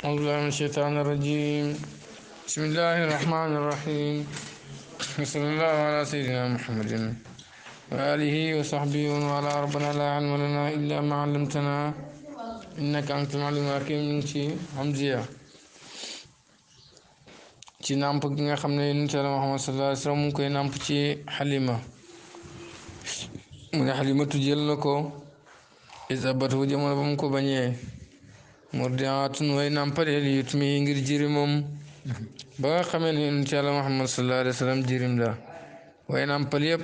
أعوذ بالله من الشيطان الرجيم بسم الله الرحمن الرحيم وصلى الله على سيدنا محمد وآله وصحبه ومن والاه ربنا لا علم لنا إلا ما علمتنا إنك أنت المعلم الحكيم من شي حمزية شي نامبو كيما خمنا ينتهي محمد صلى الله عليه وسلم ممكن نامبو شي حليمة من حليمة تجي لكو إذا بتوجه مرة بمكو بنيه murdiatun way nampaleel ngir jirimam ba nga xamee ne yonent Yàlla Muhammad sallallahu alayhi wa sallam jirim la way nampal yëpp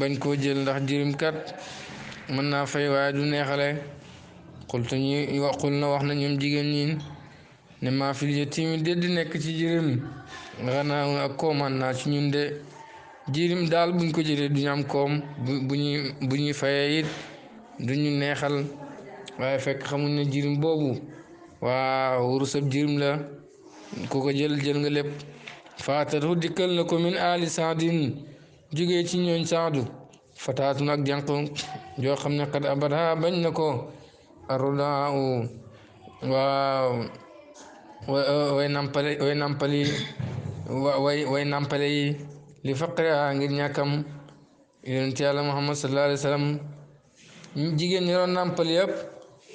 bañ koo jël ndax jirim kat mën naa fay waaye du neexale xultu ñu waxul na wax na ñoom jigéen ñi ne maa fil yatiimi dédd nekk ci jirim xanaa ak kooman naa ci ñun de jirim daal buñ ko jëlee duñu am koom bu ñuy bu ñuy fayee it duñu neexal waaye fekk xamuñ ne jirim boobu waaw wurus ab jirim la ku ko jël nga lépp faatatu dikkal na ko min aali saadin jógee ci ñooñ saadu fataatun ak jànq joo xam ne xad abada bañ na ko arudaaw waaw way nampali way nampali way way nampale yi li faqri a ngir ñàkkam yonent yàlla muhammad sallallahu alayhi wa sallam jigéen ñi doon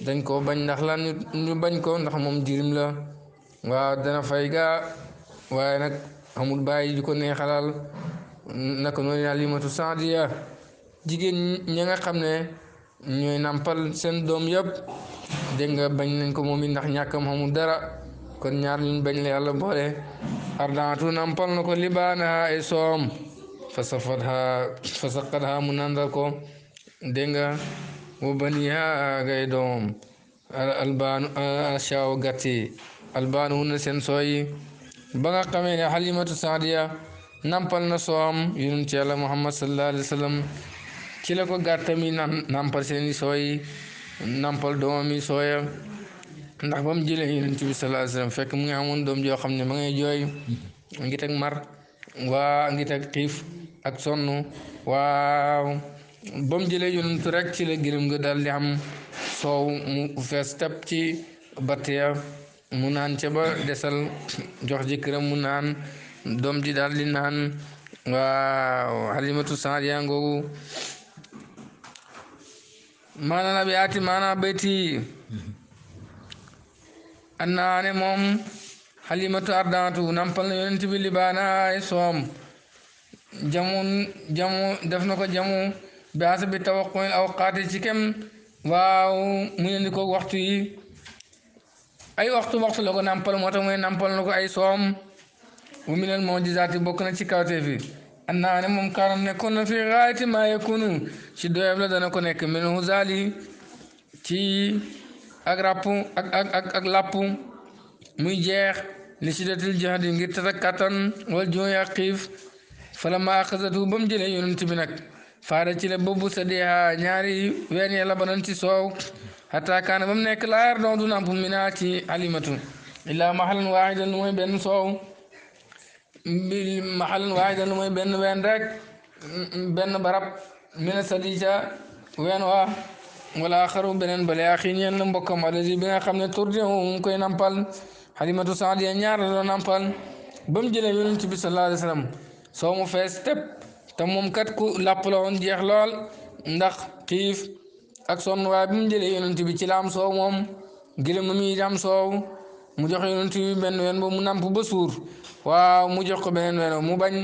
dañ ko bañ ndax lan ñu bañ ko ndax moom jirim la waaw dana fay ga waaye nag amul bàyyi di nakk neexalal naka noonu alimatu diya jigéen ñi nga xam ne ñooy nàmpal seen doom yëpp dégg nga bañ nañ ko moom it ndax ñàkkam amul dara kon ñaar ñu bañ la yàlla boole ardaatu nàmpal na ko libaana ay soom fasafat ha mu nandal ko dégg wa baniha agay doom albaan ashaw gatti albaan hunna seen sooyi ba nga xamee ne xalimatu saadiya nampal na soom yonent ci yàlla muhammad sallallahu alayhi wa sallam ci la ko nampal seeni sooyi nampal doomami sooya ndax ba mu jëlee yonent bi sallallahu alayhi fekk mu ngi amoon doom joo xam ne ma ngay jooy ngi teg mar waa ngi teg xiif ak sonn waaw ba mu jëlee yonent rek ci la gërëm nga am soow mu fees tap ci batteya mu naan ca ba desal jox jëkkëram mu naan doom ji daldi naan waaw xalimatu saadiya ngoogu maana na bi aati maana bayti annaane moom xalimatu ardaatu nampal na yonent bi libaana soom jamu def na ko jamu bi hasabi tawaqqu'il awqaat yi ci kem waaw mu indi ko waxtu yi ay waxtu waxtu la ko nàmpal moo tax mu ne nàmpal na ko ay soom wa minal mu'jizaati bokk na ci kawteef yi annaa ne moom kaana nekkoon na fi gaayati maa yakunu ci doyab la dana ko nekk minhu zaali ci ak ràpp ak ak ak làpp muy jeex li siddatil jihadi ngir tatak kattan wal juuya xiif fala ma axasatu ba mu jëlee yonent bi nag faada ci la bëbbu sa dee ñaari ween ya labanan ci soow hatta kaana ba mu nekk laayar doon du namp minaa ci alimatu illaa mahalan waahidan lu mooy benn soow bi mahalan waahidan lu mooy benn wen rek benn barab mina sadija ween waa wala xaru beneen bale yaa xiin yeen la mbokkam alazi bi nga xam ne tur de mu koy nampal alimatu saadiya ñaar la doon nampal ba mu jëlee yonent bi sallallahu alayhi wa soow mu fees tepp te moom kat ku làpp la woon jeex lool ndax xiif ak son waaye bi mu jëlee yonent bi ci laam soow moom gëlëm ma mi am soow mu jox yonent benn ween boobu mu nàmp ba suur waaw mu jox ko beneen ween mu bañ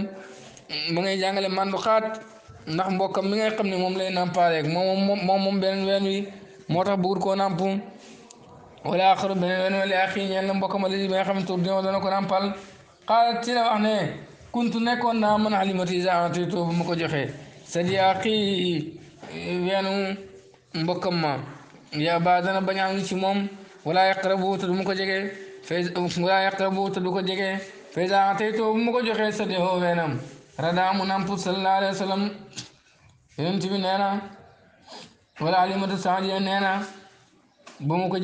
mu ngay jàngale mandu xaat ndax mbokkam mi ngay xam ne moom lay nàmpaaleeg moom moom moom beneen ween wi moo tax bëggul koo nàmp wala axaru beneen ween wala axi ñeel na mbokkam alisi bi nga xam ne tur dina dana ko nampal xaalat ci la wax ne kuntu nekkoon naa man alimatu isa atito bu ma ko joxee sadiaqi weenu mbokkam ma yaa ba dana ci moom wala yaqrabu te du ma ko jege fay wala yaqrabu te du ko jege fay sa atito bu ma ko joxee sadiho weenam rada mu nampu sallallahu alayhi wa na wala alimatu saadiya nee na bu ma ko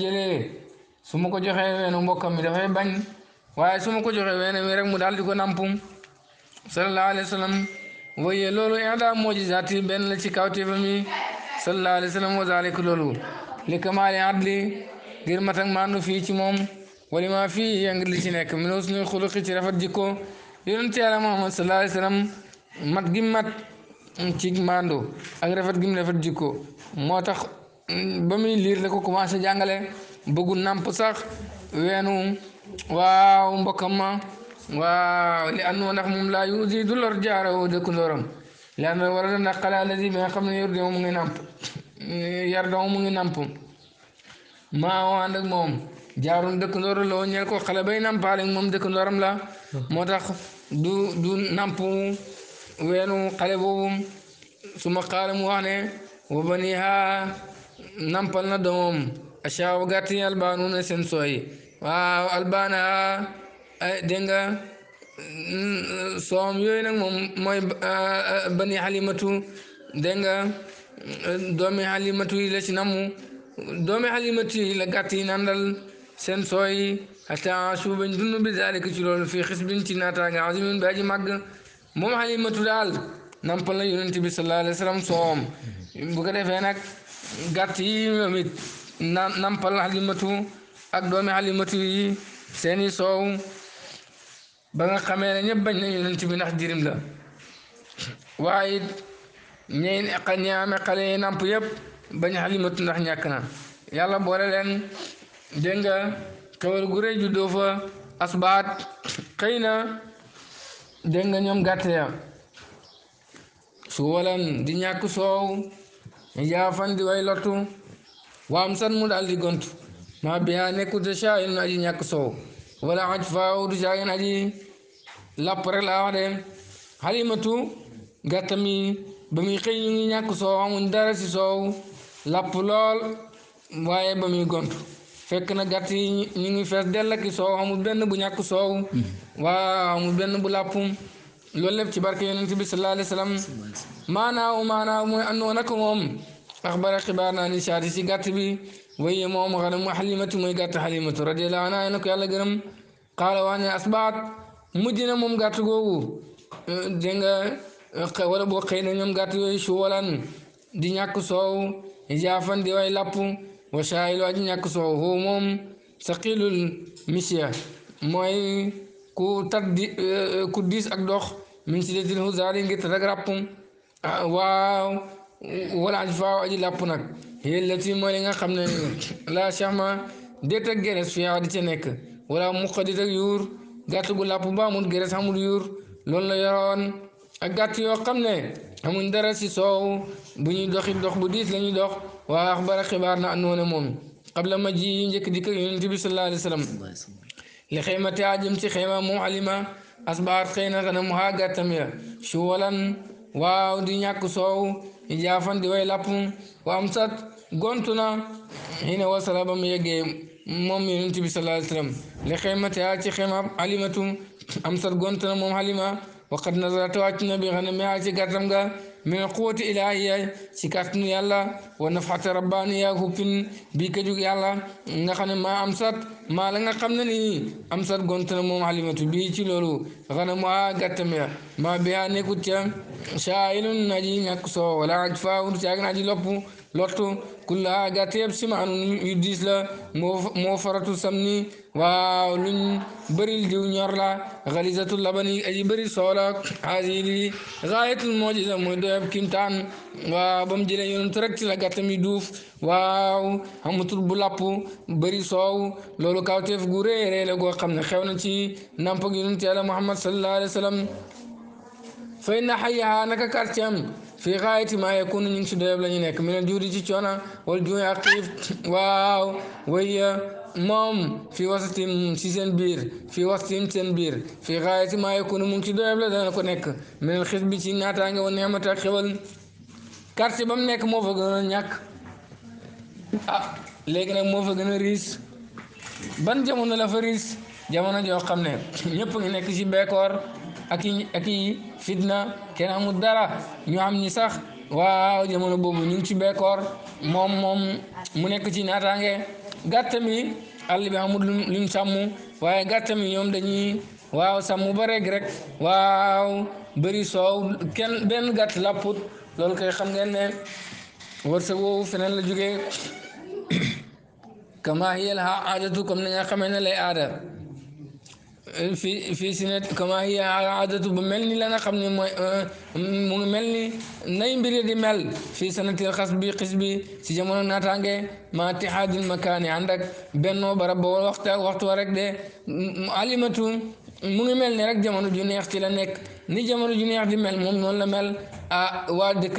su ma ko joxee weenu mbokkam mi dafay mu daal di ko nampum sallallahu alayhi wa sallam loolu ida mojisaati benn ci kawtéefam yi sallallahu alayhi wa sallam loolu li kamaali adli ngir mat ak maandu fii ci moom wali ma fii yëngal li ci nekk min husnul xuluqi ci rafet jikko yonent yàlla mat gi mat ci maandu ak rafet gi mu rafet jikko moo tax mm, ba muy liir la ko commencé jàngale bëggu nàmp sax weenu waaw mbokkam ma waaw li àndoon ndax moom laa yuusi du lor jaaroo dëkk ndóoram li àndoon war na ndax xalaat la si bi nga xam ne mu ngi nàmp yar doom mu ngi namp maa woo ànd ak moom jaarul dëkk ndóor loo ñeel ko xale bay nàmpaale moom dëkk ndóoram la moo tax du du nàmp weenu xale boobu su ma xaaral mu wax ne wa baniha nampal na doomam achaaw gàtt yi albaanu na seen waaw albaana dégg nga soom yooyu nag moom mooy bani xalimatu dégg nga doomi xalimatu yi la ci namu doomi xalimatu yi la gàtt yi nandal seen sooy hatta suubañ dund bi zaalika ci loolu fii xisbin ci naataanga azimin bi aji màgg moom xalimatu daal nampal la yonent bi sallallahu alayhi wa sallam soom bu ko defee nag gàtt yi ñoom it nampal xalimatu ak doomi xalimatu yi seeni soow ba nga xamee ne ñëpp bañ na yonent bi ndax jirim la waaye ñeen ñaame xale yi nàmp yëpp bañ xalimatu ndax ñàkk na yàlla boole leen dégg nga xewal gu rëy juddoo fa asbaat xëy na dégg nga ñoom gàtt su walan di ñàkk soow yaafan di way lottu waam san mu daal di gont maa biyaa nekku de caa in aji ñàkk soow wala aj faaw du caa in aji lapp rek laa wax de xalimatu gàtt mi ba muy xëy ñu ngi ñàkk soow amuñ dara si soow lapp lool waaye ba muy gont fekk na gàtt yi ñu ngi fees dell ak soow amul benn bu ñàkk soow waaw amul benn bu làpp loolu lépp ci barke yonent bi sallallahu alayhi wa sallam maanaaw maanaaw mooy andoon ak moom axbara xibaar naa ni saati si gàtt bi waaye moom xanam xalimatu mooy gàtt xalimatu radiyallahu anha na ko yàlla gërëm qaala waa ne asbaat mujj na moom gàtt googu euh, dégg nga euh, wala boo xëy na ñoom gàtt yooyu suwalan di ñàkk soow jaafan di lapp wa ñàkk soow foofu moom saqilul misia mooy ku tat di euh, ku diis ak dox min si detil huzaari ngir tat ak ràpp waaw aj faaw lapp nag yellati mooy li nga xam ne la chahma déet ak genes di ca nekk wala muqa dit ak yuur gàtt gu làpp ba amul gërës amul yuur loolu la yoroon ak gàtt yoo xam ne amuñ dara si soow bu ñu doxi dox bu diis la ñuy dox waa axbara xibaar na àndoon ak moom qabla ma ji yi njëkk di ko yonent bi sallallahu alayhi wa sallam li xaymate a jëm ci xayma moom alima asbaar xëy na xanam haa gàttam ya su walan waaw di ñàkk soow i jaafan di way làpp wa am sat gontu na xëy na wasala ba mu yeggee moom yonent bi sallallahu alayhi wa sallam li xaymataa ci xaymaam alimatu am sat gont na moom halima waqad nazarat wàcc na bi xanam yaa ci gàttam ga quwati ilahiya ci kàttanu yàlla wa nafxata rabbaaniya huppin bii ka jug nga xam ne maa am maa la nga xam ne nii am sat gont na moom halimatu bii ci loolu xanam waa gàttam ya maa biyaa nekkut ca shaayilun aji ñàkk soo wala aj faa wut lottu kulla jaate yëpp simaan yu diis la moo faratu samni waaw luñ bëril diw ñor la xalisatu labani aji bëri soola xaasi li gaayatul moojiza mooy doyab ba mu jëlee yonent rek ci la gàttam yi waaw xamutul bu lapp soow loolu kawteef gu rëy rëy la goo xam ne xew na ci nampak yonent yàlla Muhammad sallallahu alayhi wa sallam fay naka quartier fii xaayati maa yakunu ñu ngi si doyob la ñu nekk minal juudi ci coona wala juuy ak xiif waaw way euh, moom fii wasatim ci seen biir fii wasatim seen biir fii xaayati maa yakunu mu ngi si dana ko nekk minal xis bi ci naataange woon neexmat ak xewal quartier ba mu nekk moo fa gën a ñàkk ah léegi nag moo fa gën a riis ban jamono la fa riis jamono joo xam ne ñëpp ngi nekk ci beekoor ak ak i fitna kenn amul dara ñu am ñi sax waaw jamono boobu ñu ngi ci bekkoor moom moom mu nekk ci naataange gàtt mi àll bi amul lu mu sàmm waaye gàtt mi ñoom dañuy waaw sàmm ba rek rek waaw bëri soow benn gàtt làpput loolu kay xam ngeen ne wërsëg woowu feneen la jógee kama hiyal aadatu comme ni nga xamee ne lay aada في في سنة كما هي عادة بملني لنا قبل مملني نيم بريد في سنة الخاص بي قسبي سجمونا ناتانجي ما عندك بنو بربو وقت وقت ورق دي علمتو مملني رك جمونا جوني اختي لنك ني جمونا جوني اختي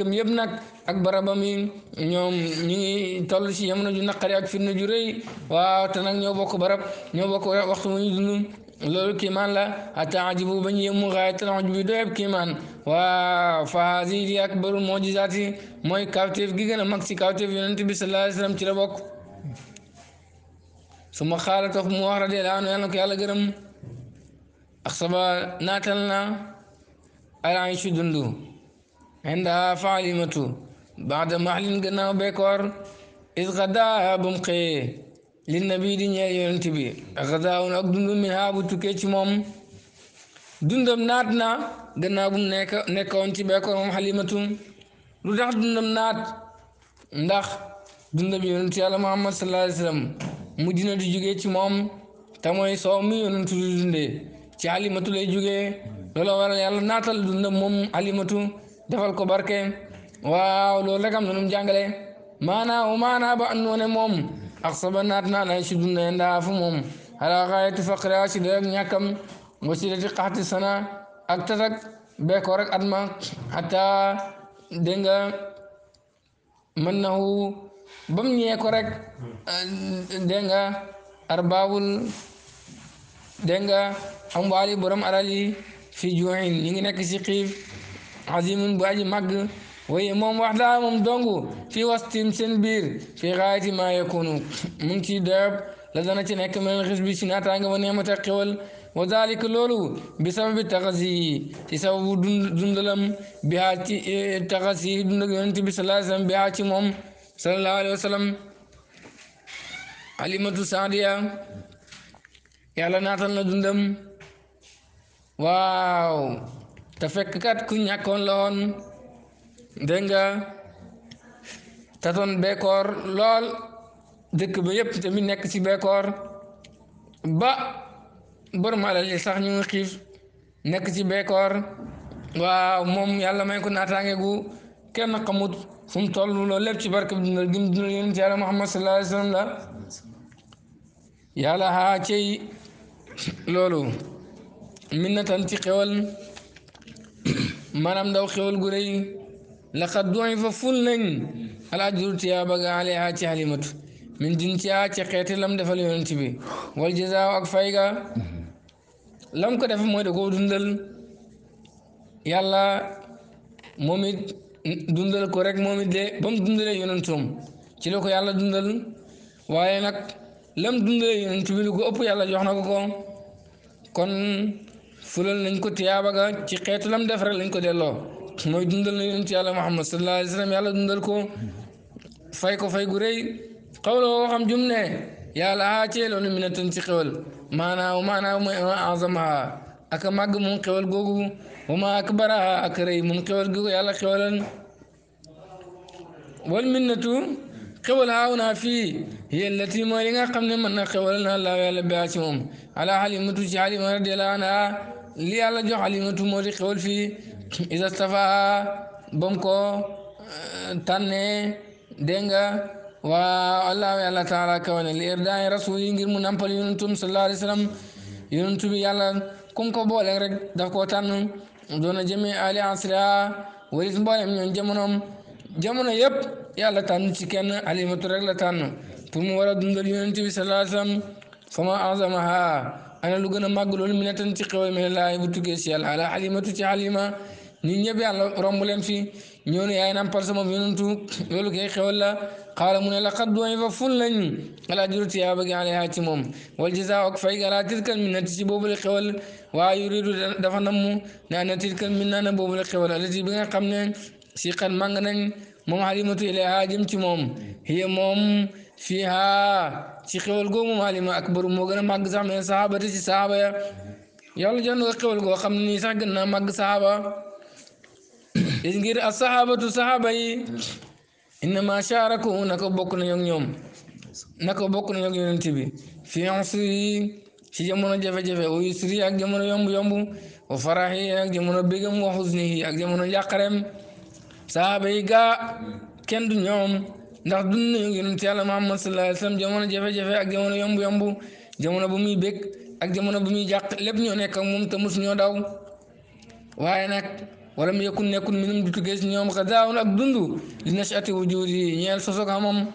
مل أكبر بامين نيوم ني تولشي يمنو في النجوري واتنا نيو بوكو برب نيو loolu kiimaan la hatta ajibu ba ñu yemu xaayatal ajbi doyeb kiimaan waa fa haasi di akbaru mojizaati mooy kawteef gi gën a mag si kawteef yonent bi sallallahu alayhi wasallam ci la bokk su ma xaala tof mu wax radiyallahu anhu yàlla ko yàlla gërëm ak saba naatal na alaayishu dundu inda faalimatu baada mahlin gannaaw bekoor is xadaa ba mu xëyee li nabi di ñeel yonent bi ak dundu min haa tukkee ci moom dundam naat na gannaaw bu mu nekk nekkoon ci bekkoon moom xalimatu lu tax dundam naat ndax dundam yonent yàlla muhammad sallallahu alayhi wa sallam di jógee ci moom te mooy soow mi yonent di dundee ci xalimatu lay jógee loolu waral yàlla naatal dundam moom xalimatu defal ko barke waaw loolu rek am na nu mu jàngale maanaa maanaa ba moom aksaba naat naa nay ci dunda ndaa fu moom ala xaayati faqra ci doyag ñàkkam wa ci dati xaxti sana ak tatak beekoor ak atma xata dégg nga mën na hu ba mu ñëwee ko rek hmm. dégg nga arbaabul dégg nga am waali borom fi juin ñu ngi nekk ci xiif azimun bu aji màgg way moom wax daa moom dong fi wastim seen biir fi xaayati maa yakunu mu ngi ci dab la dana ci nekk mel xis bi si naataanga ma neemata xewal wa dalika loolu bi sababi taxasi ci sababu dundalam bi haa ci eh, taxasi dundal yonent bi sallallahu alayhi wa sallam bi haa ci moom sallallahu alayhi wa sallam alimatu saadiya yàlla naatal na dundam waaw te fekk kat ku ñàkkoon la woon denga taton tatoon beekoor lool dëkk ba yépp tamit nek ci beekoor ba borom alal li sax ñu xif nek nekk ci beekoor waaw mom yàlla may ko natangé gu kenn xamut fu tollu toll lépp ci barke dina gim dundal ci yàlla Muhammad sallallahu alaihi wasallam la yàlla xaa cey loolu minnatan ci xewal manam ndaw xewal gu reey laqad du'ifa ful nañ al ajru tiyaaba ga aleyha ci halimatu min jinsiha ci xeeti lam defal yonent bi wal jazaa ak fay ga lam ko def mooy da koo dundal yàlla moom it dundal ko rek moom it de ba mu dundalee yonentoom ci la ko yàlla dundal waaye nag lam dundalee yonent bi ko ëpp yàlla jox na ko ko kon fulal nañ ko tiyaaba ga ci xeeti lam def rek lañ ko delloo nooy dundal na yonent yàlla Muhammad sallallahu alayhi sallam yàlla dundal ko fay ko fay gu rëy xawla woo xam jum ne yàlla aa ceeloonu mi ne tan ci xewal maanaa maanaa mooy azamaha ak a màgg mun xewal googu wa ma ak ak rëy mun xewal googu yàlla xewalal wal min minnatu xewal aaw naa fii la allati mooy li nga xam ne mën na xewal na laaw yàlla baa ci moom ala xalimatu ci xalima radiallahu anha li yàlla jox xalimatu moo di xewal fii isa stafaa ba mu ko eh, tànnee nga waaw allahu yàlla taala kawane li irdaani rasul yi ngir mu nampal yonentum sallallahu alayhi wa sallam yonentu bi boole rek daf koo tànn doona jëme ali asra walis mboolem ñoom jamonoom jamono yëpp yàlla tànn ci kenn alimatu rek la tànn mu war dundal yonent bi sallallahu alayhi wa sallam fama azamaha ana lu gën a màgg loolu mi ne tan ci xewal mi ne laay bu tukkee si yàlla ala xalimatu ci xalima nit ñëpp yàlla romb leen fi ñoo ne yaay nampal sama yonantu loolu kay xewal la xaala mu ne la xat doy fa ful nañ alaa juru tiyaaba gi alayha ci moom wal jazaa ak fay alaa tilkal min nati ci boobu la xewal waa yuridu dafa namm naa na tilkal min naa na boobu la xewal alati bi nga xam ne si xan màng nañ moom xalimatu ilayha jëm ci moom hiya moom fiiha ci xewal goo moom xalima akbaru moo gën a màgg sax mais saxaabati ci saxaaba ya yàlla jox na ko xewal goo xam ni sax gën naa màgg saxaaba ngir as saxaabatu saxaaba yi innama shaaraku naka bokk nañu ak ñoom naka bokk nañu ak yonent bi fii usri ci jamono jafe-jafe wa yusri ak jamono yomb-yomb wa faraxi ak jamono bégam wa xusnihi ak jamono njàqarem saxaaba yi gaa kenn du ñoom ndax dund nañu yonent yàlla Muhammad sallallahu alayhi wasallam jamono jafe-jafe ak jamono yombu yombu jamono bu muy bég ak jamono bu muy jàq lépp ñoo nekk ak moom te mus ñoo daw waaye nag wala mu yëkkun nekkul minum du tuggee si ñoom xadaawun ak dund li nashati wujudi ñeel sosog xamam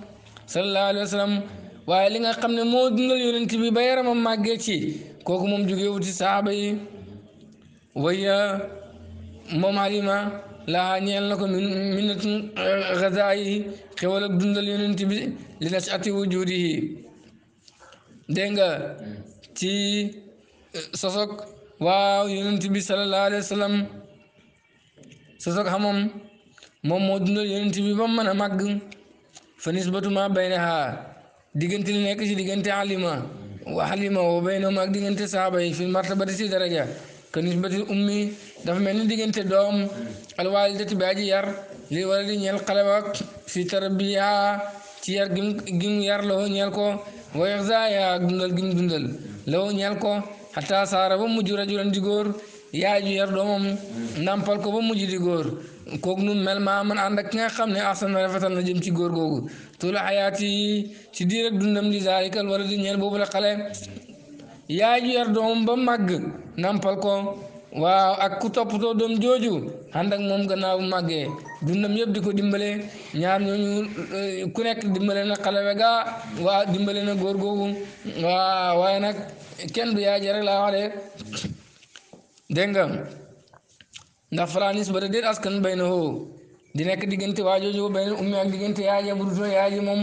sallallahu alayhi wasallam waaye li nga xam ne moo dundal yonent bi ba yaramam màggee ci kooku moom jógee wuti saaba yi موم عليما لا نيل نكو من غذائي خول دندل يونت بي لنشات وجوده دنگا تي سوسوك واو يونت بي صلى الله عليه وسلم سوسوك حمم موم مو دندل يونت بي بام مانا ماغ فنسبه ما بينها ديغنتي لي نيك سي ديغنتي عليما وحليما وبينهما ديغنتي صحابه في المرتبه دي درجه كنسبه امي dafa mel ni diggante doom alwaalidati bi aji yar li wala di ñeel xale ba fi tarbiya ci yar gim yar la ñeel ko wa ixzaaya dundal gim dundal la ñeel ko xataa saara ba mujj rajulan di góor yaay ju yar doomam nampal ko ba mujj di góor kooku nun mel maa man ànd ki nga xam ne asan na rafetal na jëm ci góor googu tuula xayaat ci diir dundam di zaalikal wala di ñeel boobu la xale yaay yar doomam ba màgg nampal ko waaw ak ku toppatoo doom jooju ànd ak moom gannaaw bu màggee dundam yëpp di ko dimbale ñaar ñooñu ku nekk dimbale na xalawe ga waa dimbale na góor googu waa waaye nag kenn du yaay rek laa wax de dégg nga ndax falanis ba da askan bay na hoo di nekk diggante waa jooju bay na ummi ak diggante yaay ja bu dutoo yaay ji moom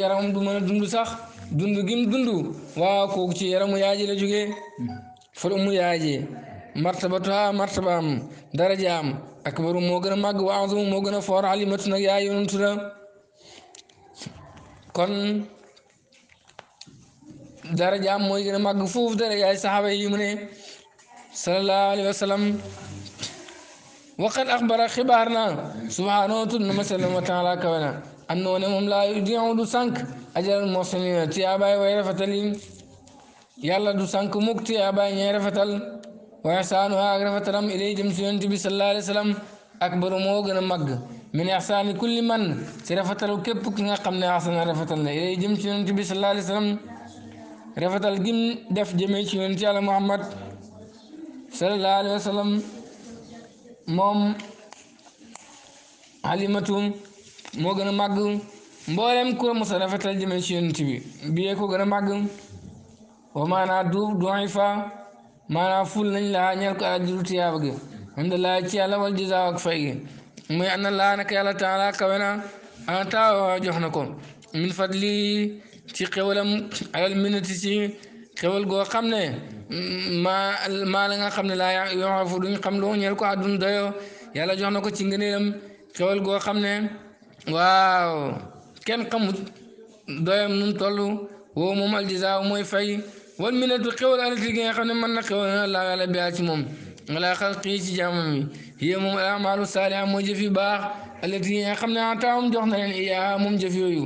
yaramam du mën a dund sax dund gim dund waaw kooku ci yaramu yaay ji la jógee fol umu yaay martabatuha martabaam darajaam akbaru moo gën a màgg wa azum moo gën a foor alimatu nag yaa yonantu la kon darajaam mooy gën a màgg foofu darajaay saxaaba yi mu ne sallallahu alayhi wa sallam waqad axbara xibaar na subhaanahu tudd na masalam wa taala kawe na am na ne moom laa diu du sànq ajal mosanina tiyaabaay way rafetal yi yàlla du sànq mukk tiyaabaay ñay rafetal وإحسانها أغرفتلم إليه جمسيون تبي صلى الله عليه وسلم أكبر موغن مغ من إحسان كل من سرفتل كيبك نقمنا أحسن رفتلنا إليه جمسيون تبي صلى الله عليه وسلم رفتل جم دف جميع جميسيون على محمد صلى الله عليه وسلم موم حليمتهم موغن مغ مبارم ku mos a rafetal بيكو غن مغ bi دوب ko maanaam ful nañ laa ñeel ko àjjuru tiyaaba gi anda laa ci yàlla wal jizaa fay gi ana laa naka yàlla taala kawe na ana taawa jox na ko min xam ne maa la nga xam ne laa yoo fu duñ xam loo ñeel ko àddun doyo yàlla jox na ko ci ngëneelam xewal goo xam ne waaw kenn xamut doyam nun toll woo moom aljizaa mooy fay wal millatu xewal alati gi nga xam ne mën na xewal na laa yàlla biyaa ci moom ala xalqii ci jaamam yi hiya moom al amaalu saaliha mooy jëf yu baax alati gi nga xam ne ataahum jox na leen iyaa moom jëf yooyu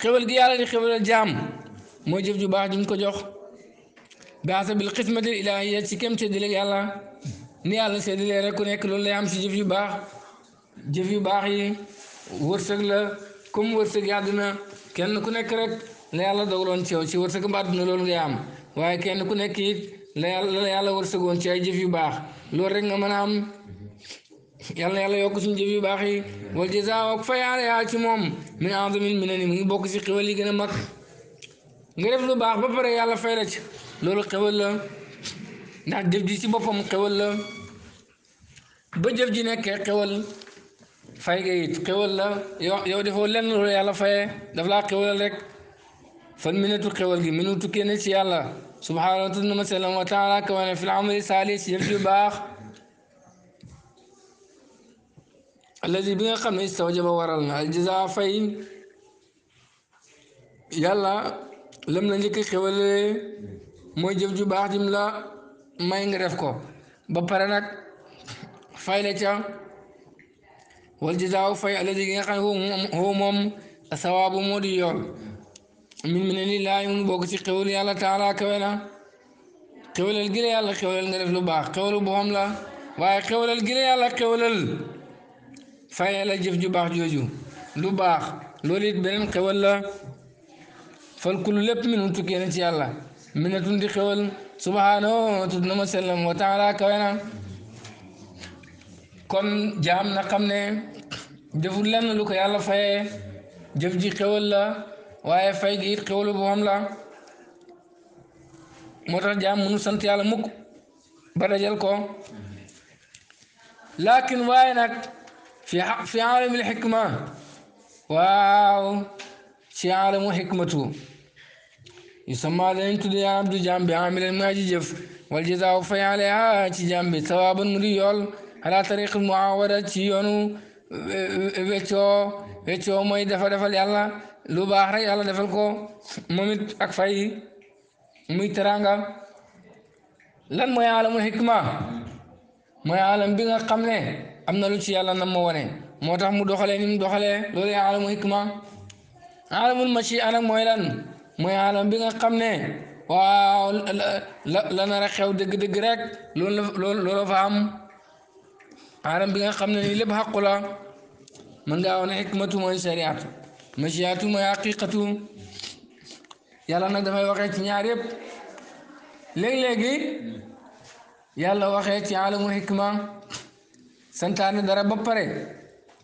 xewal gi yàlla di xewal jaam mooy jëf ju baax juñ ko jox baasa bil xismati ilaahiya ci kem séddale yàlla ni yàlla séddale rek ku nekk loolu lay am si jëf yu baax jëf yu baax yi wërsëg la comme wërsëg àdduna kenn ku nekk rek la yàlla dogaloon ci yow ci wërsëg mba loolu ngay am waaye kenn ku nekk it la yàlla la yàlla wërsëgoon ci ay jëf yu baax loolu rek nga mën a am yàlla yàlla yokk suñu jëf yu baax yi wal jazaa ak fayaale yaa ci moom min azamin mi ngi bokk si xewal yi gën a mag lu baax ba pare yàlla fay la ci loolu xewal la ndax jëf boppam xewal la ba jëf ji nekkee xewal la yow yow defoo lenn loolu yàlla faye daf laa xewalal rek فالمنة قولك منو تكنس يلا سبحان الله مثلا وتعالى كمان في العمر الثالث يرجو باخ الذي بين قميص توجب ورلنا الجزاء فين يلا لم نجيك خول موي جيف جو باخ جملا may nga def ko ba pare nag fay la ca هو هو fay aladi gi nga من من اللي لا يوم بوقتي قول يا الله تعالى كولا قول الجل يا الله قول النرف لبا قول بهم لا واي قول الجل يا الله قول ال فيا لجف جبا جوجو لبا لوليت بين قول لا فالكل لب من تكين يا الله من تندي قول سبحانه وتعالى سلم وتعالى كولا كم جام نقمنا دفلنا لك يا الله فيا جف جي قول الله waaye fay gi it xéwlu bu am la moo tax jaam mënu sant yàlla mukk ba dajal ko laakin waaye nag fi fi aalamil xikma waaw ci aalamu xikmatu yusamma dañ tudd yaa abdu jaam bi amilan mu aji jëf wal jazaaw fay alayha ci jaam bi sawaaban mu di yool ala tariq muawada ci yoonu weccoo weccoo mooy dafa defal yàlla lu baax rek yàlla defal ko moom ak fay muy teraanga lan mooy alamul xikma mooy alam bi nga xam ne am na lu ci yàlla na ma wane moo tax mu doxalee ni mu doxalee loolu alamul xikma alamul machi anak mooy lan mooy alam bi nga xam ne waaw la la a xew dëgg-dëgg rek loolu la am alam bi nga xam ne nii lépp xaqu la mën ngaa xikmatu mooy sariatu مجياتو ما حقيقتو يلا نك دافاي واخا سي نيار ييب ليغ ليغي يلا واخا سي عالم الحكمه سنتان دار با بري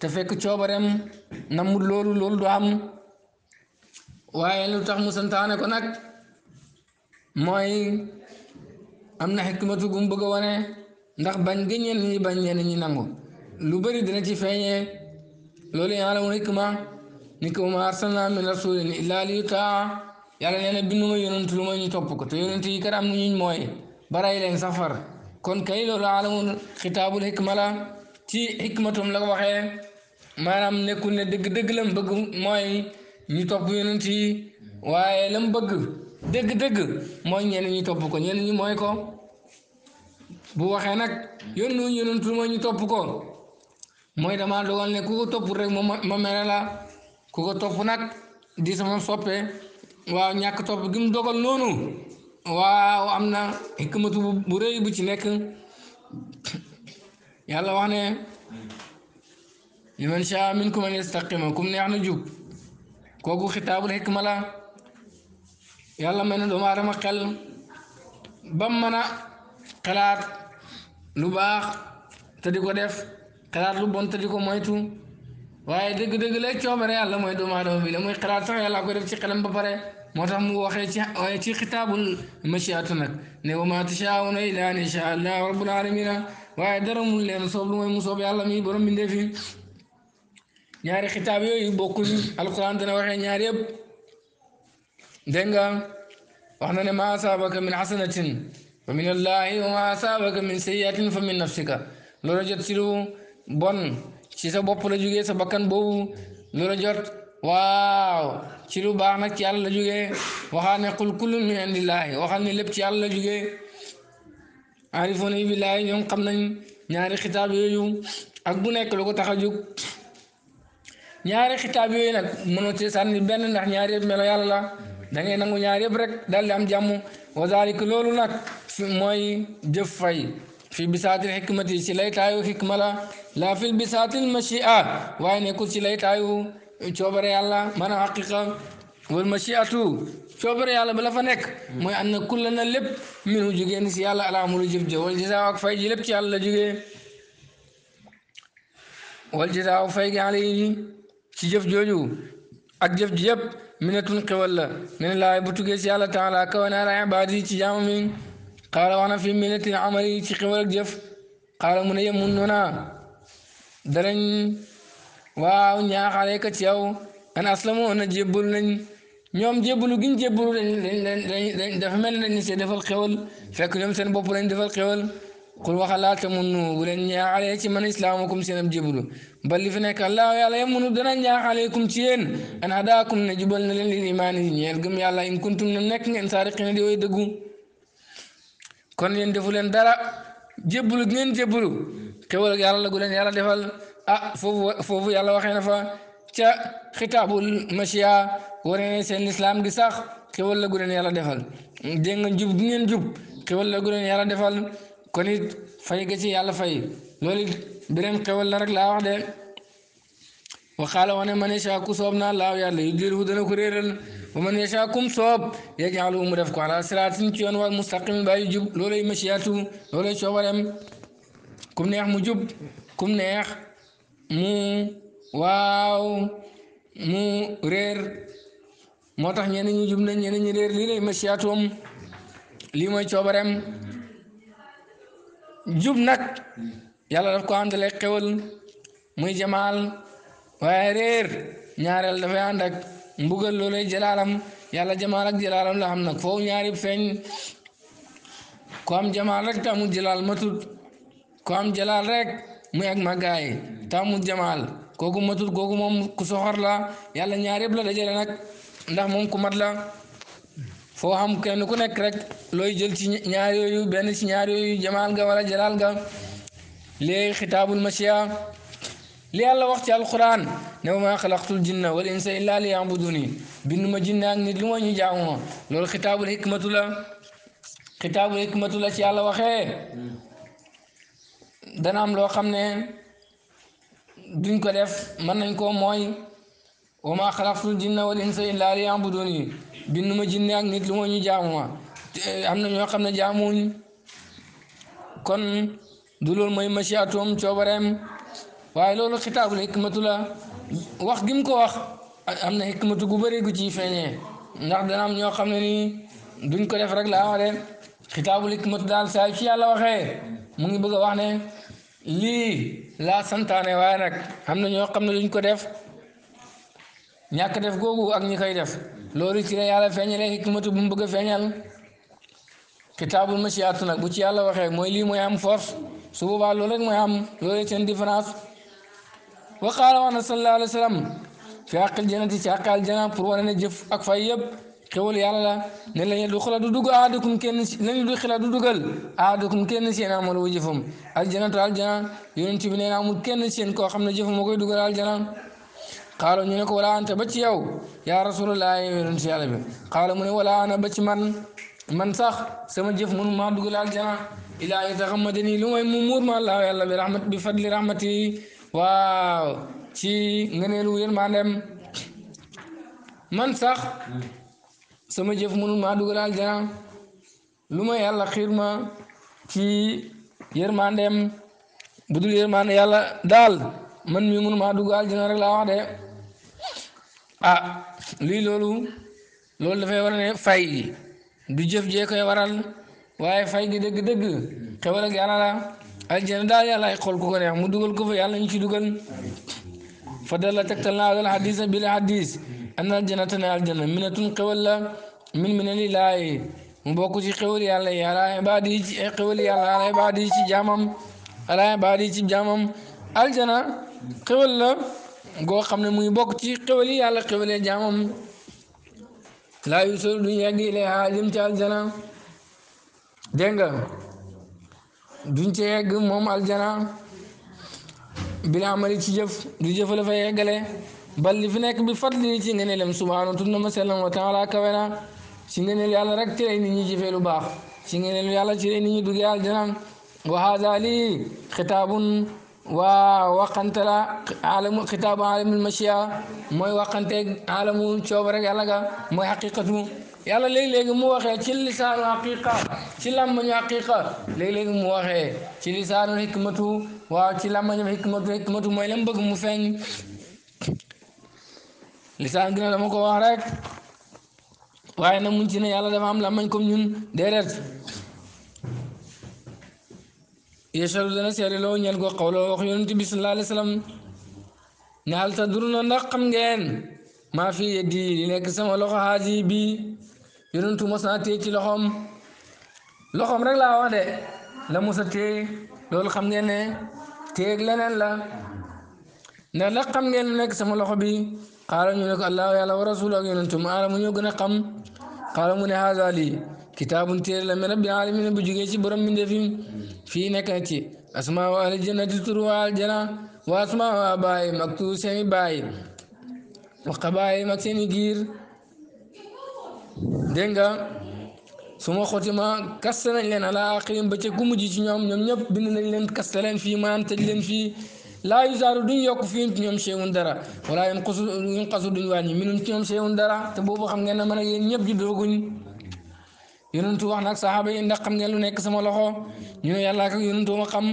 تا فك تشوبرم نم لولو لول دو ام واي لو تخ مو سنتان كو نك موي امنا حكمتو غوم بوغ وني ndax bañ gëñel ni bañ leen ñi nangu lu bari dina ci feñé lolé yalla mo hikma ni ko ma arsalna min na binduma yonent ñu topp ko yi kat am na ñuñ mooy baray leen safar kon kay loolu alamul xitaabul xikma la ci xikmatum la dëgg-dëgg lam bëgg mooy ñu topp yonent yi waaye lam bëgg dëgg-dëgg mooy ñenn ñi topp ko ñenn ñi mooy ko bu waxee nag yónnu yonent lu ma ñu topp ko mooy dama dogal ne ku ko topp rek ma mere la ku ko topp nag di sama soppe waaw ñàkk topp gi mu dogal noonu waaw am na hikmatu bu rëy bu ci nekk yàlla wax ne liman shaa minkum an yastaqima kum neex na jub kooku xitaabul xikma la yàlla may na doomu aadama xel ba mën a xalaat lu baax te di ko def xalaat lu bon te di ko moytu waaye dëgg-dëgg la coobare yàlla mooy doomu aadama bi la muy xalaat sax yàlla ko def ci xelam ba pare moo tax mu waxee ci waaye ci xitaabul machiatu nag ne wa maa tashaauna illaa an yashaa allah soob lu mooy mu soob yàlla mi borom bindee fi ñaari xitaab yooyu bokkuñ alquran dana waxe ñaari yëpp dégg wax na ne maa asaabaka min xasanatin fa min allahi wa maa asaabaka min sayyiatin fa min nafsika loolu jot ci bon ci sa bopp la jógee sa bakkan boobu lu la jot waaw ci lu baax nag ci yàlla la jógee waxaa ne qul kullun min indillaahi waxal ne lépp ci yàlla la jógee ñoom xam nañ ñaari xitaab yooyu bu nekk lu ko tax a jóg ñaari xitaab yooyu nag mënoo ci sànni benn ndax ñaari yëpp melo yàlla la da ngay nangu ñaari yëpp rek daal am jàmm wa zaalika loolu nag mooy jëf fay fi bisaatil xikmati ci laytaayu xikma la laa fi bisaatil machia waaye nekkul ci laytaayu coobare yàlla maanaam xaqiqa wal machiatu coobare yàlla ba nekk mooy ànd na kulla na lépp minu si yàlla alaamulu jëf ja wal jazaa ak fay ji ci yàlla jugee wal jazaa fay gi ci jëf ak jëf ji yëpp minatun xewal la min laay taala kawanaa ra ibaadi ci jaamam قال وانا في ملة عملي في قبل الجف قال من يمننا درن واو نيا خاليك تيو انا اسلمو انا جيبول نين نيوم جيبولو جين جيبولو دافا مل نين سي دافا القول فك نيوم سن بوبو نين دافا القول قل وخلا تمنو ولن نيا خالي تي من اسلامكم سن جيبولو بل في نيك الله يالا يمنو درن نيا خاليكم تيين انا هداكم نجبلن لين الايمان نيل غم يالا ان كنتم نك نين سارقين دي وي دغو kon yéen defu leen dara jébbalu ngeen jébbalu xewal ak yàlla la gu leen yàlla defal ah foofu foofu yàlla waxee na fa ca xitaabul masiya wane ne seen lislaam gi sax xewal la gu yàlla defal dégg nga jub gi ngeen jub xewal la gu leen yàlla defal kon it fay ga ci yàlla fay loolu it beneen la rek laa wax de. waxaala wane man yashaa ku soob naa laaw yàlla yu dilhu dana ko réeral wa man yashaa kum soob yaj'alu mu def ko ala siraatin ci yoon wal mustaqim bàyyi jub loolay mashiyaatu loolay coobareem kum neex mu jub kum neex mu waaw mu réer moo tax ñenn ñi jub nañ ñenn ñi réer lii lay mashiyaatoom mooy coobareem jub nag yàlla daf ko àndalee xewal muy jamaal waaye réer ñaareel dafay ànd mbugal loolay jalaalam yàlla jamaal ak jalaalam la xam nag foofu ñaari feeñ ku am jamaal rek te amul jalaal matut ku jalaal rek muy ak màggaay te amul jamaal kooku matut kooku moom ku soxor la yàlla ñaar yëpp la dajale nag ndax moom ku mat la foo am kenn ku nekk rek looy jël ci ñaar yooyu benn ci ñaar yooyu jamaal ga wala jalaal ga léegi xitaabul masiya ليالا وقت القران نوما خلقت الجن والانس الا ليعبدوني بن ما جن اك نيت لوما ني جامو لول خطاب الحكمه لا خطاب الحكمه لا سي الله واخه دا نام لو خامني دون كو ديف مان نانكو موي وما خلقت الجن والانس الا ليعبدوني بن ما جن اك نيت لوما ني جامو امنا ньо خامني جامو كون دولول موي مشياتهم تشوبرم waaye loolu xitaabul xikmatu la wax gi ko wax am na xikmatu gu bëri gu ciy feeñee ndax dana am ñoo xam ne ni duñ ko def rek laa ah, wax de xitaabul xikmatu daal saa ci yàlla waxee mu ngi bëgg a wax ne lii laa santaane waaye nag am na ñoo xam ne duñ ko def ñàkk def googu ak ñi koy def loolu ci yàlla feeñalee xikmatu bu mu bëgg feeñal xitaabul masiyaatu nag bu ci yàlla waxee mooy lii mooy am force su boobaa loolu mooy am loolu seen différence. وقال وانا صلى الله عليه وسلم في عقل الجنة في عقل الجنة فروانا نجف أكفاي يب كيقول يا الله نلا يدخل دودوغا عادكم كنس نلا يدخل دودوغل عادكم كنس ينام ولو جفهم الجنة على الجنة ينتبه لنا مكنس ينكو أخم نجف مكوي دودوغل على الجنة قالوا نينك ولا أنت بتشي أو يا رسول الله ينتبه لنا قالوا من ولا أنا بتشي من من صح سمع جف من ما دودوغل على الجنة إلى يتغمدني لوم مور ما الله يلا برحمة بفضل رحمتي waaw ci ngëneelu yërmandeem man sax sama jëf mënul maa dugal aljana lu ma yàlla xiir ma ci yërmandeem bu dul yërmande yàlla daal man mi mënul maa dugal aljana rek laa wax de ah lii loolu loolu dafay war ne fay du jëf jee waral waaye fay gi dëgg-dëgg xewal ak yàlla la aljana daal yàlla ay xol ku ko neex mu dugal ko fa yàlla ñu ci dugal fa dalla tegtal naa dal xadis bi la xadis an aljanata ne aljana minatun xewal la min minali laayi mu bokk ci xewal yàlla yi ala ibaadi ci xewal yàlla ala ibaadi ci jaamam ala ibaadi ci jaamam aljana xewal la goo xam ne muy bokk ci xewal yi yàlla xewalee jaamam laa yu sol du yegg ilay xaa jëm ci aljana dégg nga duñ ci yegg moom aljana bila amali ci jëf du jëf la fa bal li fi nekk bi fàttali ci ngëneelam subhaanahu tudd na ma sellam wa taala kawe na yàlla rek ci lay nit ñi jëfee lu baax ci ngëneelu yàlla ci lay nit ñi duggee aljana wa haada lii xitaabun waa waxante la alamu xitaabu alamul machia mooy waxanteeg alamu coob rek yàlla ga mooy yàlla léegi-léegi mu waxee ci lisaanu haqiqa ci làmmañu haqiqa léegi-léegi mu waxee ci lisaanu hikmatu waaw ci làmmañu hikmatu hikmatu mooy lam bëgg mu feeñ lisaan gi dama ko wax rek waaye nag mun ci ne yàlla dafa am làmmañ comme ñun déedéet yéesalu dana seede loo ñeel ko xaw loo wax yonent bi sallallahu alayhi wa sallam ne hal tadruna ndax xam ngeen maa fi yeddi li nekk sama loxo xaaji bi yonentu mos naa téye ci loxoom loxoom rek laa wax de la mos a téye loolu xam ngeen ne téeg leneen la ndax la xam ngeen nekk sama loxo bi xaaral ñu ne ko allahu yàlla wa rasul ak yonentu mu aala mu ñoo gën a xam xaaral mu ne haza lii kitaabun téere la min rabbil alamin bu jugee ci borom mi ndefi fii nekk na ci asmaa wa ahli jannati tur wa aljana wa asmaa wa abaayim ak tur seeni baay wa qabaayim ak seeni giir dégg nga su ma xotima kaste nañ leen ala aqirim ba ca ku mujj ci ñoom ñoom ñëpp bind nañ leen kaste leen fii maanaam tëj leen fii laa yusaaru duñ yokk fiim ci ñoom seewun dara wala yunqasu yunqasu duñ wàññi minum ci ñoom seewun dara te boobu xam ngeen ne man ak yéen ñëpp juddooguñ tu wax nag saxaaba yi ndax xam ngeen lu nekk sama loxo ñu ne yàlla ak yonentu ma xam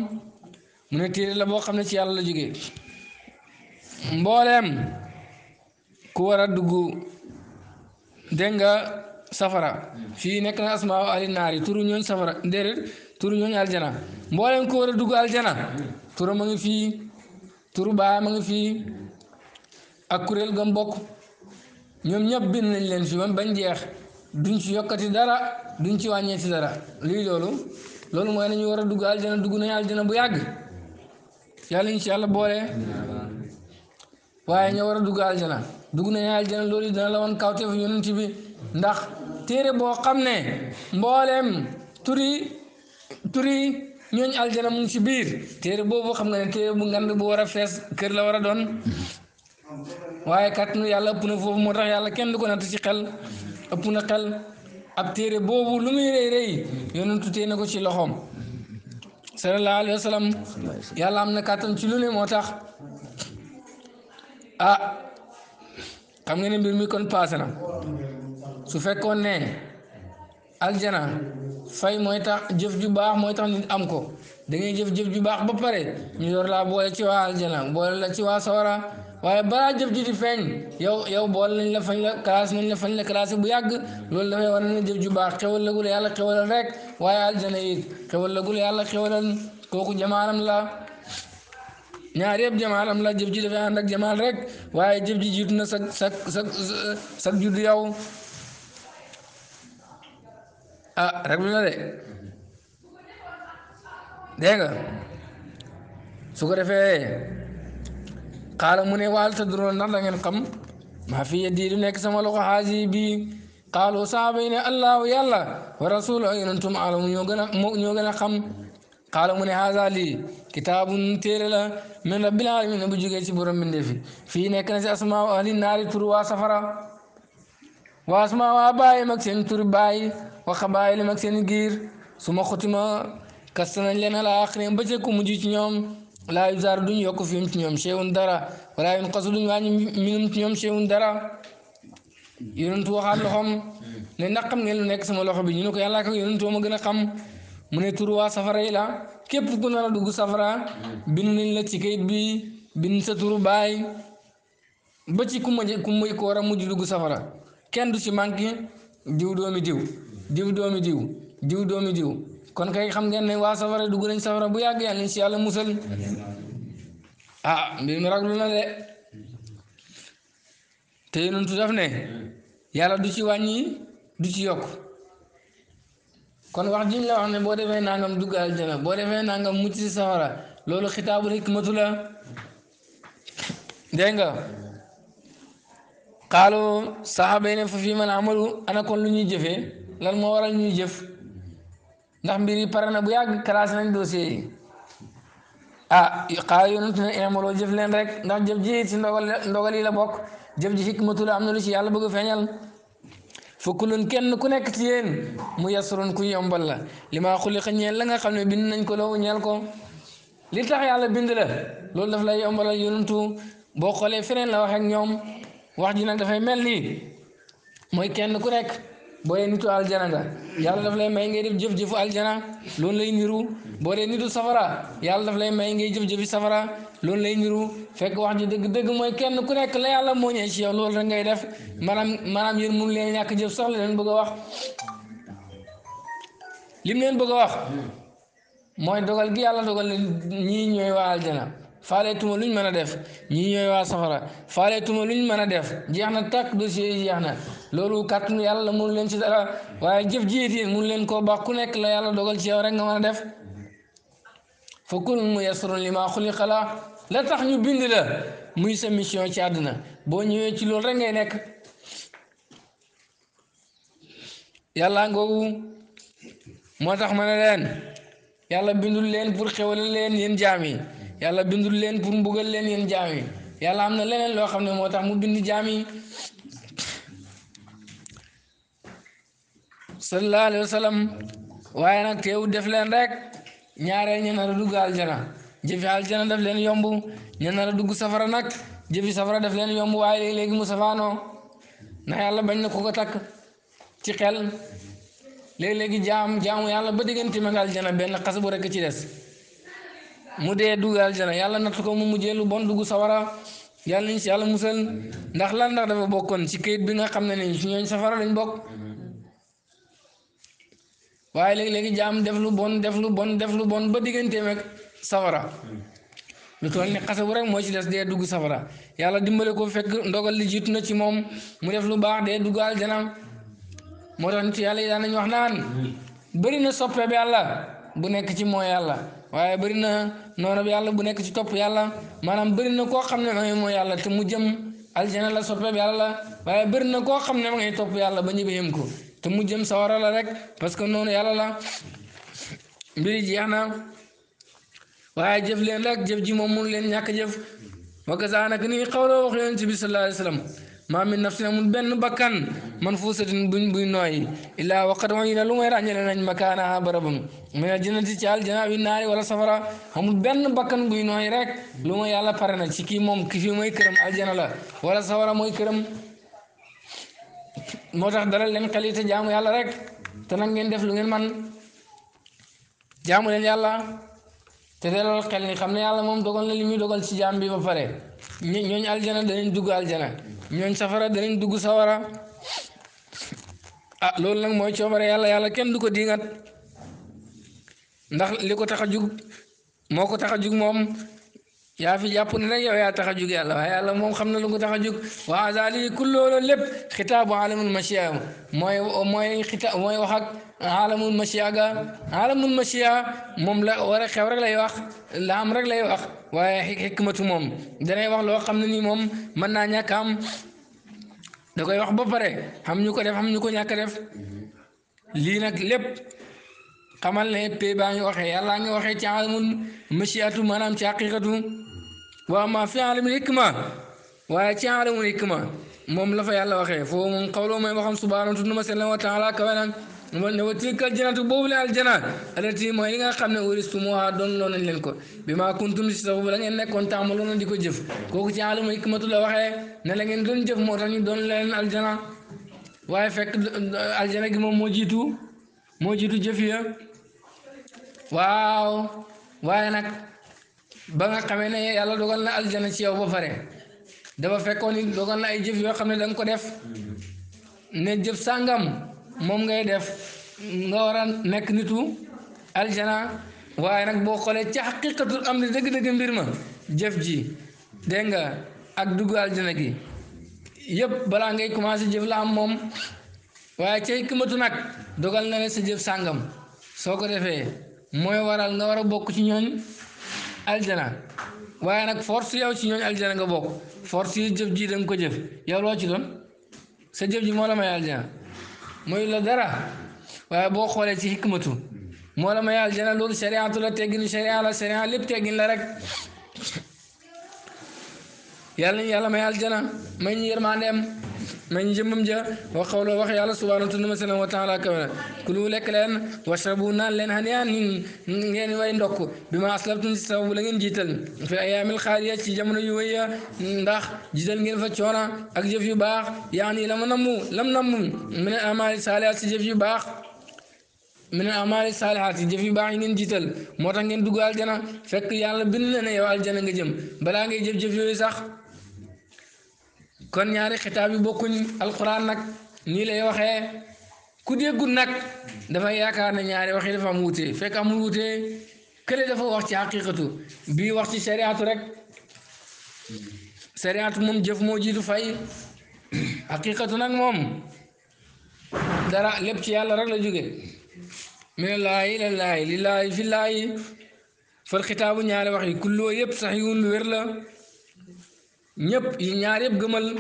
mu ne téere la boo xam ne ci yàlla la jógee mbooleem ku war a dugg safara fii nekk na asmaa ali naari turu ñooñ safara déedéet turu ñooñ aljana mboolem ko war a dugg aljana turu ma ngi fi turu baa ma ngi fi ak kuréel gam ñoom ñëpp bind nañ leen fi bañ jeex duñ ci yokkati dara duñ ci wàññeeti dara lii loolu loolu mooy nañu war a dugg aljana dugg nañu aljana bu yàgg yàlla incha allah boole waaye ñoo war ndax téere boo xam ne mboolem turi turi ñooñ aljana mu ci biir téere boobu xam nga ne téere bu ngand bu war a fees kër la war a doon waaye kàttanu yàlla ëpp na foofu moo tax yàlla kenn du ko natt ci xel ëpp na xel ab téere boobu lu muy rëy rëy yonentu tee na ko ci loxoom sallallahu alayhi yàlla am na kàttan ci lu ne moo tax ah xam nga ne mbir mi kon paase na su fekkoon ne aljana fay mooy jëf ju baax mooy tax nit am ko da ngay jëf-jëf ju baax ba pare ñu door laa boole ci waa aljana boole la ci waa sawara waaye balaa jëf ji di feeñ yow yow bool nañ la fañ la classe fañ la bu yàgg loolu dafay war na jëf ju baax xewal lagul yàlla xewalal rek waaye aljana it yàlla xewalal kooku jamaalam la ñaar yëpp jamaalam la jëf ji dafay ànd ak jamaal rek waaye jëf ji jiitu na sa sa sa sa ah raglu na de dégg nga su ko defee xaala mu ne waal ta duroon ndax da ngeen xam fi yeddi lu nekk sama loxo xaaji bi xaalu saaba yi ne allahu yàlla wa rasulu ak yonentum alamu ñoo gën a ñoo gën a xam xaala mu ne haza lii kitaabun téere la min rabbil alamin bu jógee ci borom mbindeefi fii nekk na si asmaa ahli naari tur waa safara واسما وابای مکسن تربای و خبایل مکسن گیر سوما ختما کسان لینا لآخرین بچه کو مجیت نیام لا یزار دن یا کفیم تیم شه اون داره ولی این قصد دن وانی میم تیم شه اون داره یون تو حال لهم نه نکم نه نکس مال خب بیینو که یالا که یون تو مگه نکم من تو رو آسفرایلا که پرتون را دوگو سفرا بین نیل چیکه بی بین سطور باي بچه کو مجی کو می کورم مجی دوگو سفرا kenn du ci manqué diw doomi diw diw doomi diw diw doomi diw kon kay xam ngeen ne waa safara dugg nañ safara bu yàgg yàlla nañ si yàlla musal ah mbir mi raglu na de te yonentu daf ne yàlla du ci wàññi du ci yokk kon wax jiñ la wax ne boo defee nangam dugg aljana boo defee nangam mucc si safara loolu xitaabul hikmatu la dégg nga xaalu saxaaba yi ne fa fii man amalu ana kon lu ñuy jëfee lan moo a ñuy jëf ndax mbir yi pare na bu yàgg classé nañ dossier yi ah xaalu yonent ne inamaloo eh, jëf leen rek ndax jëf ji si ndogal yi la bokk jëf ji xikmatu la am na lu ci yàlla bëgg a feeñal fa kulun kenn ku nekk ci mu yasurun ku yombal la li maa xuliqa ñeel la nga xam ne bind nañ ko loo ñeel ko li tax yàlla bind la loolu daf lay yombalal yonentu boo xoolee feneen la wax ak wax ji nag dafay mel nii mooy kenn ku nekk boo dee nitu aljana nga yàlla daf lay may ngay def jëf-jëfu aljana loolu lay niru boo dee nitu safara yàlla daf lay may ngay jëf-jëfi safara loolu lay niru fekk wax ji dëgg-dëgg mooy kenn ku nekk la yàlla mooñee ci yow loolu rek ngay def maanaam maanaam yéen mënu leen ñàkk jëf sax leen bëgg a wax lim leen bëgg a wax mooy dogal gi yàlla dogal ñii ñooy waa aljana faaleetuma luñ mën a def ñii ñooy waa safara faaleetuma luñ mën a def jeex na tàkk dossier jeex na loolu kàttanu yàlla la leen ci dara waaye jëf ji it mënu leen koo baax ku nekk la yàlla dogal ci yow rek nga mën a def fa kul mu yasrun li maa xuliqa la la tax ñu bind la muy sa mission ci àdduna boo ñëwee ci loolu rek ngay nekk yàlla ngoogu moo tax ma ne leen yàlla bindul leen pour xewal leen yéen jaam yi yàlla bindul leen pour mbugal leen yéen jaam yi yàlla am na leneen loo xam ne moo tax mu bind jaam yi sallallahu waaye nag teewu def leen rek ñaareel ña nar a dugg aljana jëfi aljana daf leen yomb ña a dugg safara nag jëfi safara def leen yomb waaye léegi-léegi mu safaanoo ndax yàlla bañ na ko ko takk ci xel léegi-léegi jaam jaamu yàlla ba diggante mag aljana benn xas bu rek ci des mu dee dugg aljana yàlla natt ko mu mujjee lu bon duggu sawara yàlla nañ si yàlla musal ndax lan ndax dafa bokkoon ci kayit bi nga xam ne ni si ñooñ safara lañ bokk waaye léegi-léegi jaam def lu bon def lu bon def lu bon ba digganteem ak safara lu toll ni xase rek moo ci des dee dugg safara yàlla dimbale ko fekk ndogal li jiitu na ci moom mu def lu baax dee dugg aljana moo tax nit yàlla yi daan wax naan barina na soppe bi yàlla bu nekk ci mooy yàlla waaye bëri na noonu yàlla bu nekk ci topp yàlla maanaam bëri na koo xam ne ma ngi mooy yàlla te mu jëm aljana la soppeeb yàlla la waaye bëri na koo xam ne ma topp yàlla ba ñëpp yem ko te mu jëm sawara rek parce que noonu yàlla la mbiri jeex waaye jëf leen rek jëf ji moom mënu leen ñàkk jëf wakka saa nag ni xawloo wax leen ci bi sallallahu alayhi maa min nafsin amul benn bakkan man fuusatin buñ buy nooy illaa waqat wañ na lu may ràññale nañ makaana barabam min aljannati ci aljana wi naari wala safara amul benn bakkan buy nooy rek yàlla pare na ci kii moom ki fii mooy këram aljana la wala safara mooy këram moo tax dalal leen xel yi te jaamu yàlla rek te nag ngeen def lu ngeen man jaamu leen yàlla te dalal xel xam ne yàlla moom dogal na li muy dogal ci jaam bi ba pare ñooñu aljana danañ dugg aljana ñooñ safara danañ dugg sawara ah loolu nag mooy coobare yàlla yàlla kenn du ko diingat ndax li ko tax a jug moo ko tax a jug moom yaa fi jàpp na nag yow yaa tax a jug yàlla waaye yàlla moom xam na lu ko tax a jug waa azali kullooloo lépp xitaabu alamul machia mooy mooy xita mooy wax alamul machia ga alamul machia moom la war a xew rek lay wax la am rek lay wax waaye xikmatu moom danay wax loo xam ne nii moom mën naa ñàkk am da koy wax ba pare xam ñu ko def xam ñu ko ñàkk def lii nag lépp xamal ne pay baa ngi waxe yàllaa ngi waxe ci alamul machiatu maanaam ci xaqiqatu waaw ci alamul hikma moom la fa yàlla waxee foofu moom xawloo mooy waxam wa ne wa tilkal janatu boobu la aljana alati mooy li nga xam ne uristumuha doon loo nañ leen ko bi maa kuntum si sababu la ngeen nekkoon taamaloon na ko jëf kooku ci àluma hikmatu la waxee ne la ngeen doon jëf moo tax ñu doon leen aljana waaye fekk aljana gi moom moo jiitu moo jiitu jëf ya waaw waaye nag ba nga xamee ne yàlla dogal na aljana ci yow ba pare dafa fekkoon ni dogal na ay jëf yoo xam ne da nga ko def ne jëf sàngam mom ngay def nga wara nek nitu aljana waaye nak bo xoolee ci haqiqatul amri deug deug dëgg mbir ma jëf ji de nga ak duggu aljana gi yeb bala ngay commencer jef la am mom waye ca hikmatu nak dogal na ne sa jef sangam soko defé moy waral nga wara bok ci ñoon aljana waye nak force yow ci ñoon aljana nga bok force yi jëf ji dang ko jef yow lo ci don sa jef ji mo la may aljana mooy la dara waaye boo xoolee ci xikmatu moo la may aljana loolu sariatu la tegginu sariat la sariat lépp teggin la rek yàlla nañu yàlla may aljana may ñu yërmandeem may ñu jëmmam ja wax xawloo wax yàlla subhaanahu tudd ma seen wa taala kawe na kulu lekk leen washrabu naan leen xaniyaan ngeen way ndokk bi ma aslabtum si sababu la ngeen jiital fi ayaamil xaaliya ci jamono yu wéy ya ndax jiital ngeen fa coona ak jëf yu baax yaani la mu nammu lam nammu mu ne amaali saalihaat si jëf yu baax min amaali saalihaat yi jëf yu baax yi ngeen jiital moo tax ngeen dugg aljana fekk yàlla bind na ne aljana nga jëm balaa ngay jëf-jëf yooyu sax kon ñaari xitaab yi bokkuñ alquran nak ni lay waxe ku déggul nak dafa yaakaar na ñaari wax yi dafa am wuté fekk amul wuté kële dafa wax ci haqiqatu bi wax ci sariatu rek sariatu moom jëf mo jitu fay haqiqatu nak mom dara lépp ci yàlla rek la jóge min laayi la laayi li laayi fi laayi fal xitaabu ñaari wax yi kulloo yëpp sax wér la ñépp ñaar yëpp gëmal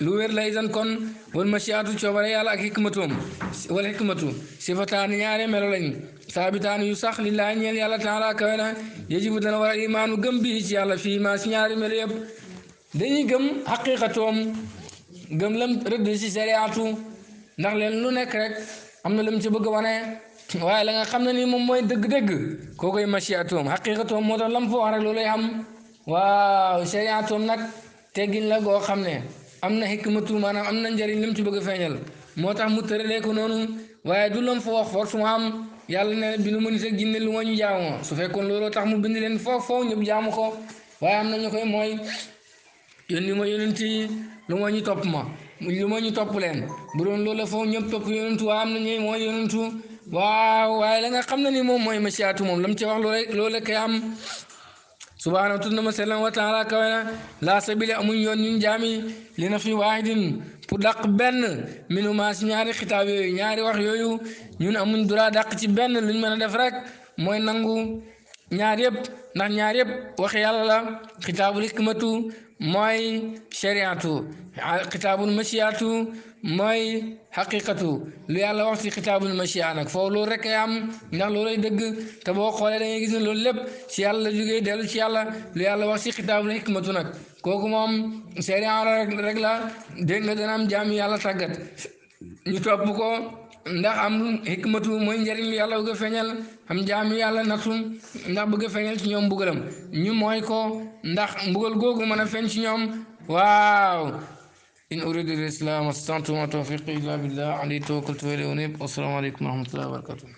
lu wér lay zan kon wal masiatu coobare yàlla ak xikmatoom wal xikmatu sifataan ñaar melo lañ saabitaan yu sax li laa ñeel yàlla a imaanu gëm bi ci yàlla si ñaari melo yëpp dañuy gëm xaqiqatoom gëm lam rëdd si sariatu ndax leen lu nekk rek am na lam ci bëgg wane waaye la nga xam ne ni moom mooy dëgg-dëgg koo koy masiatoom xaqiqatoom moo tax lam fa wax rek am waaw shariatum nag teggin la goo xam ne am na xikmatu maanaam am na njëriñ lim ci bëgg a feeñal moo tax mu tëralee ko noonu waaye du lom fa wax forcément am yàlla nee na bi nu ma nit ak jinne lu ma ñu jaamoo su fekkoon looloo tax mu bind leen foofu foofu ñëpp jaamu ko waaye am na ñu koy mooy yónni ma yónent yi lu ma ñu topp ma lu ma ñu topp leen bu doon loolu foofu ñëpp topp na ñuy mooy yónentu waaw waaye la nga xam ne ni moom mooy masiatu moom lam ci wax loolu kay am subhanahu tudd na ma sellan wa taala kawe na laa sabila amuñ yoon ñun jaami li na fi waahidin pour dàq benn minu maa si ñaari xitaab yooyu ñaari wax yooyu ñun amuñ dura dàq ci benn luñ mën def rek mooy nangu ñaar yëpp ndax ñaar yëpp wax yàlla la xitaabul hikmatu mooy shariatu xitaabul masiatu mooy xaqiqatu lu yàlla wax ci ma machia nag foofu loolu rek am ndax loolu dëgg te boo xoolee da ngay gis ne loolu lépp si yàlla la jógee dellu ci yàlla lu yàlla wax ci xitaabul xikmatu nag kooku moom seeri rek la dégg nga dana am jaam yàlla tàggat ñu topp ko ndax am xikmatu mooy njëriñ lu yàlla bëgg a feeñal am jaam yàlla nattu ndax bëgg a feeñal ci ñoom mbugalam ñu mooy ko ndax mbugal googu mën a feeñ ci ñoom waaw إن أريد الإسلام استعنت وما توفيقي إلا بالله علي توكلت وإلي أنيب والسلام عليكم ورحمة الله وبركاته